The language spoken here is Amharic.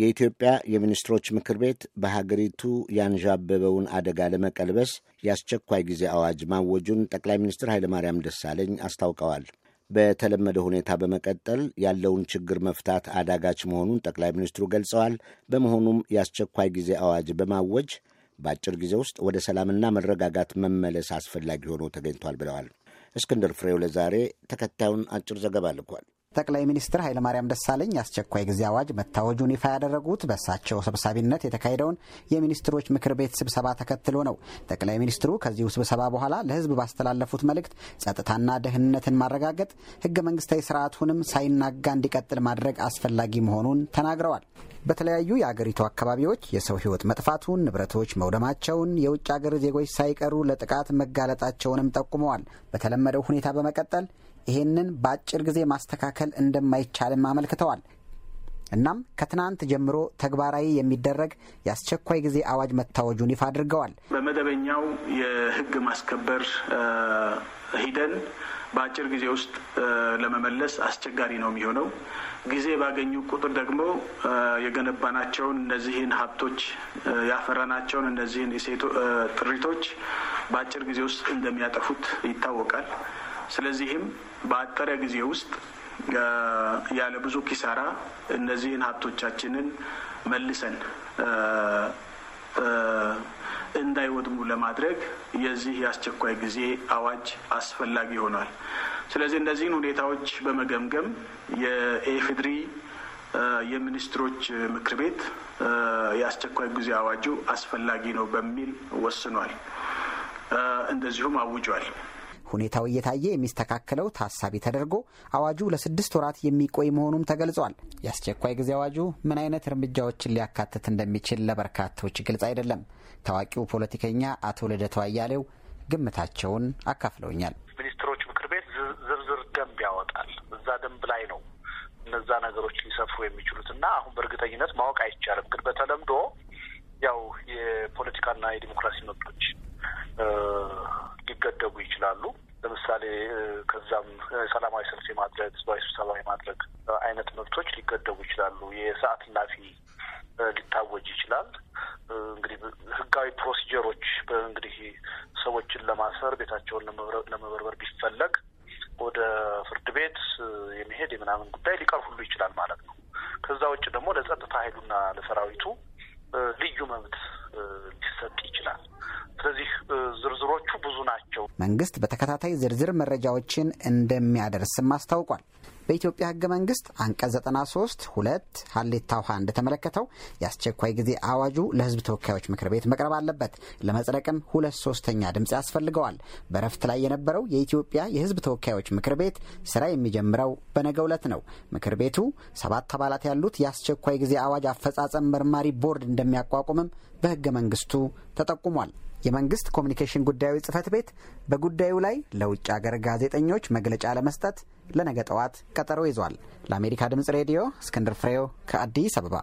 የኢትዮጵያ የሚኒስትሮች ምክር ቤት በሀገሪቱ ያንዣበበውን አደጋ ለመቀልበስ የአስቸኳይ ጊዜ አዋጅ ማወጁን ጠቅላይ ሚኒስትር ኃይለማርያም ደሳለኝ አስታውቀዋል። በተለመደ ሁኔታ በመቀጠል ያለውን ችግር መፍታት አዳጋች መሆኑን ጠቅላይ ሚኒስትሩ ገልጸዋል። በመሆኑም የአስቸኳይ ጊዜ አዋጅ በማወጅ በአጭር ጊዜ ውስጥ ወደ ሰላምና መረጋጋት መመለስ አስፈላጊ ሆኖ ተገኝቷል ብለዋል። እስክንድር ፍሬው ለዛሬ ተከታዩን አጭር ዘገባ ልኳል። ጠቅላይ ሚኒስትር ኃይለማርያም ደሳለኝ የአስቸኳይ ጊዜ አዋጅ መታወጁን ይፋ ያደረጉት በእሳቸው ሰብሳቢነት የተካሄደውን የሚኒስትሮች ምክር ቤት ስብሰባ ተከትሎ ነው። ጠቅላይ ሚኒስትሩ ከዚሁ ስብሰባ በኋላ ለሕዝብ ባስተላለፉት መልእክት ጸጥታና ደህንነትን ማረጋገጥ፣ ህገ መንግስታዊ ስርዓቱንም ሳይናጋ እንዲቀጥል ማድረግ አስፈላጊ መሆኑን ተናግረዋል። በተለያዩ የአገሪቱ አካባቢዎች የሰው ህይወት መጥፋቱን፣ ንብረቶች መውደማቸውን፣ የውጭ አገር ዜጎች ሳይቀሩ ለጥቃት መጋለጣቸውንም ጠቁመዋል። በተለመደው ሁኔታ በመቀጠል ይሄንን በአጭር ጊዜ ማስተካከል እንደማይቻልም አመልክተዋል። እናም ከትናንት ጀምሮ ተግባራዊ የሚደረግ የአስቸኳይ ጊዜ አዋጅ መታወጁን ይፋ አድርገዋል። በመደበኛው የሕግ ማስከበር ሂደን በአጭር ጊዜ ውስጥ ለመመለስ አስቸጋሪ ነው የሚሆነው። ጊዜ ባገኙ ቁጥር ደግሞ የገነባናቸውን እነዚህን ሀብቶች ያፈራናቸውን እነዚህን ጥሪቶች በአጭር ጊዜ ውስጥ እንደሚያጠፉት ይታወቃል። ስለዚህም በአጠረ ጊዜ ውስጥ ያለ ብዙ ኪሳራ እነዚህን ሀብቶቻችንን መልሰን እንዳይወድሙ ለማድረግ የዚህ የአስቸኳይ ጊዜ አዋጅ አስፈላጊ ሆኗል። ስለዚህ እነዚህን ሁኔታዎች በመገምገም የኤፍድሪ የሚኒስትሮች ምክር ቤት የአስቸኳይ ጊዜ አዋጁ አስፈላጊ ነው በሚል ወስኗል፣ እንደዚሁም አውጇል። ሁኔታው እየታየ የሚስተካከለው ታሳቢ ተደርጎ አዋጁ ለስድስት ወራት የሚቆይ መሆኑም ተገልጿል። የአስቸኳይ ጊዜ አዋጁ ምን አይነት እርምጃዎችን ሊያካትት እንደሚችል ለበርካቶች ግልጽ አይደለም። ታዋቂው ፖለቲከኛ አቶ ልደቱ አያሌው ግምታቸውን አካፍለውኛል። ሚኒስትሮች ምክር ቤት ዝርዝር ደንብ ያወጣል። እዛ ደንብ ላይ ነው እነዛ ነገሮች ሊሰፍሩ የሚችሉት እና አሁን በእርግጠኝነት ማወቅ አይቻልም። ግን በተለምዶ ያው የፖለቲካና የዲሞክራሲ መብቶች ሊገደቡ ይችላሉ። ለምሳሌ ከዛም ሰላማዊ ሰልፍ የማድረግ ህዝባዊ ስብሰባ የማድረግ አይነት መብቶች ሊገደቡ ይችላሉ። የሰዓት እላፊ ሊታወጅ ይችላል። እንግዲህ ህጋዊ ፕሮሲጀሮች እንግዲህ ሰዎችን ለማሰር ቤታቸውን ለመበርበር ቢፈለግ ወደ ፍርድ ቤት የመሄድ የምናምን ጉዳይ ሊቀር ሁሉ ይችላል ማለት ነው። ከዛ ውጭ ደግሞ ለጸጥታ ኃይሉና ለሰራዊቱ ልዩ መብት ሊሰጥ ይችላል። ስለዚህ ዝርዝሮቹ ብዙ ናቸው። መንግስት በተከታታይ ዝርዝር መረጃዎችን እንደሚያደርስም አስታውቋል። በኢትዮጵያ ህገ መንግስት አንቀጽ 93 ሁለት ሀሌታ ውሃ እንደተመለከተው የአስቸኳይ ጊዜ አዋጁ ለህዝብ ተወካዮች ምክር ቤት መቅረብ አለበት። ለመጽደቅም ሁለት ሶስተኛ ድምፅ ያስፈልገዋል። በእረፍት ላይ የነበረው የኢትዮጵያ የህዝብ ተወካዮች ምክር ቤት ስራ የሚጀምረው በነገ ዕለት ነው። ምክር ቤቱ ሰባት አባላት ያሉት የአስቸኳይ ጊዜ አዋጅ አፈጻጸም መርማሪ ቦርድ እንደሚያቋቁምም በህገ መንግስቱ ተጠቁሟል። የመንግስት ኮሚኒኬሽን ጉዳዮች ጽህፈት ቤት ቤት በጉዳዩ ላይ ለውጭ አገር ጋዜጠኞች መግለጫ ለመስጠት ለነገ ጠዋት ቀጠሮ ይዟል። ለአሜሪካ ድምፅ ሬዲዮ እስክንድር ፍሬው ከአዲስ አበባ